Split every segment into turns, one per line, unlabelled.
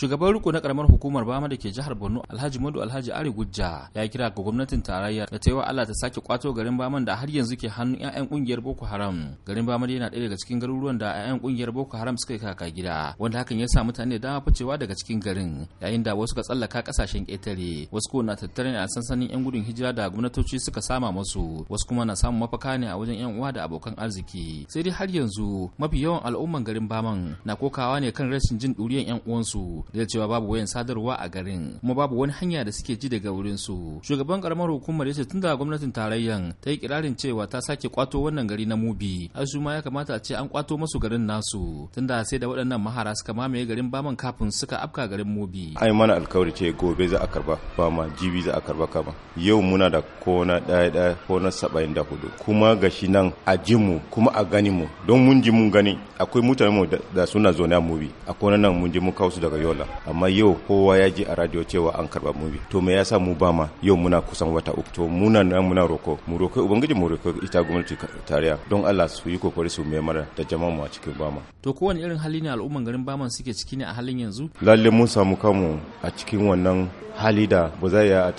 shugaban riko na karamar hukumar bama da ke jihar borno alhaji madu alhaji ari gujja ya kira ga gwamnatin tarayya da ta yi wa allah ta sake kwato garin baman da har yanzu ke hannun 'ya'yan kungiyar boko haram garin baman yana ɗaya daga cikin garuruwan da 'ya'yan kungiyar boko haram suka yi kaka gida wanda hakan ya sa mutane da dama ficewa daga cikin garin yayin da wasu ka tsallaka kasashen ƙetare wasu kuma na tattare ne a sansanin 'yan gudun hijira da gwamnatoci suka sama musu wasu kuma na samun mafaka ne a wajen 'yan uwa da abokan arziki sai dai har yanzu mafi yawan al'umman garin baman na kokawa ne kan rashin jin ɗuriyan 'yan uwansu da cewa babu wayan sadarwa a garin kuma babu wani hanya da suke ji daga wurin su shugaban karamar hukumar ya ce tun da gwamnatin tarayyan ta yi kirarin cewa ta sake kwato wannan gari na mubi har su ma ya kamata a ce an kwato masu garin nasu tun da sai da waɗannan mahara suka mamaye garin baman kafin suka afka garin mubi
ai mana alkawari ce gobe za a karba ba ma jibi za a karba kama yau muna da kona ɗaya ɗaya kona saba'in da hudu kuma gashi nan a ji mu kuma a gani mu don mun ji mun gani akwai mutane mu da suna zaune a mubi a kona nan mun ji mun kawo su daga yola dala amma yau kowa ya ji a radio cewa an karba mubi to me yasa mu ba ma yau muna kusan wata uku to muna nan muna roko mu roko ubangiji mu roko ita gwamnati tarayya don Allah su yi kokari su mai mara da jama'a mu a cikin bama
to kowane irin hali ne al'umman garin baman suke ciki ne a halin yanzu
lalle mun samu kanmu a cikin wannan hali da ba za ya.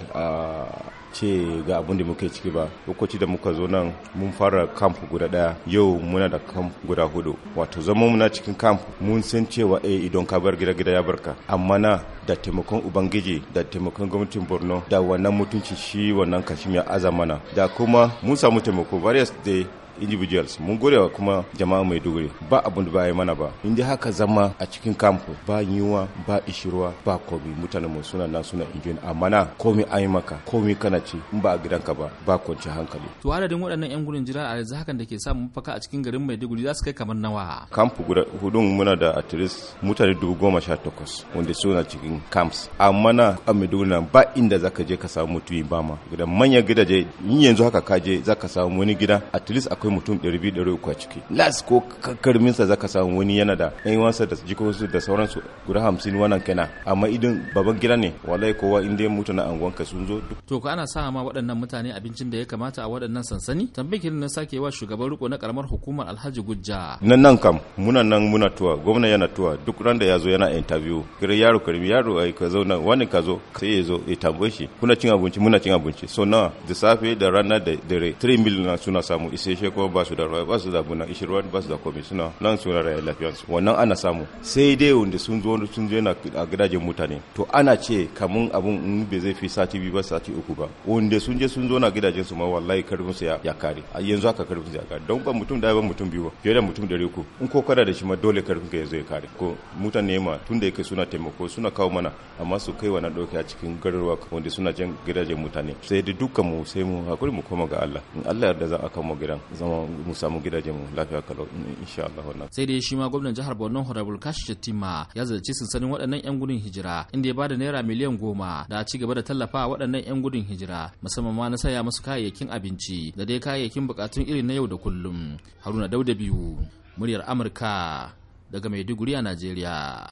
ce ga abin da muke ciki ba lokaci da muka zo nan mun fara kamp guda daya yau muna da kamp guda hudu wato zama muna cikin kamp mun san cewa eh idan ka bar gida gida ya barka amma na da taimakon ubangiji da taimakon gwamnatin borno da wannan mutuncin shi wannan kashim ya azamana da kuma mun samu taimako various day individuals mun gode wa kuma jama'a mai dogare ba abun da mana ba in dai haka zama a cikin camp ba yiwa ba ishirwa ba komi mutanen mu suna nan suna injin amma na komi ayi maka komi kana ci in ba a gidanka ba ba kwanci hankali
to adadin waɗannan yan gurin jira a yanzu hakan da ke samun mafaka a cikin garin Maiduguri za su kai kamar nawa
camp guda hudun muna da at least mutane dubu goma sha takwas wanda suna cikin camps amma na a Maiduguri ba inda zaka je ka samu mutumin ba ma gidan manyan gidaje in yanzu haka ka je zaka samu wani gida at least akwai mutum 200-300 a ciki las ko karminsa zaka samu wani yana da yan wansa da su da sauransu guda hamsin wannan kenan amma idan baban gida ne wallahi kowa inda dai mutu na anguwanka sun zo
to ko ana sa ma waɗannan mutane abincin da ya kamata a waɗannan sansani tambayar na sake wa shugaban riko na karamar hukumar alhaji gujja nan nan
kam muna nan muna tuwa gwamna yana tuwa duk ran da ya zo yana interview kira yaro karmi yaro ai ka zauna wani ka zo sai ya zo ya tambaye shi kuna cin abinci muna cin abinci so na da safe da rana da dare 3 million suna samu isasshe ko ba su da ruwa ba su da buna ishirwa ba su da komi suna nan suna rayuwar lafiyansu wannan ana samu sai dai wanda sun zo sun zo na a gidajen mutane to ana ce kamun abun in be zai fi sati biyu ba sati uku ba wanda sun je sun zo na gidajen su ma wallahi karfin su ya kare yanzu haka karfin su ya kare don ba mutum da ba mutum biyu ba fiye da mutum dare ku in ko kada da shi ma dole karfin ka yanzu ya kare ko mutane ma tun da yake suna taimako suna kawo mana amma su kai wannan ɗauki a cikin garuruwa wanda suna jan gidajen mutane sai da dukkan mu sai mu hakuri mu koma ga Allah in Allah yarda za a mu gidan zama mu samu gidajen mu lafiya kalau
insha Allah wannan sai dai shi ma gwamnan jihar Borno Honorable Kashi Chatima ya zalci sansanin waɗannan ƴan gudun hijira inda ya bada naira miliyan goma da a ci gaba da tallafa waɗannan ƴan gudun hijira musamman ma na saya musu kayayyakin abinci da dai kayayyakin bukatun irin na yau da kullum Haruna Dauda biyu muryar Amurka daga Maiduguri a Najeriya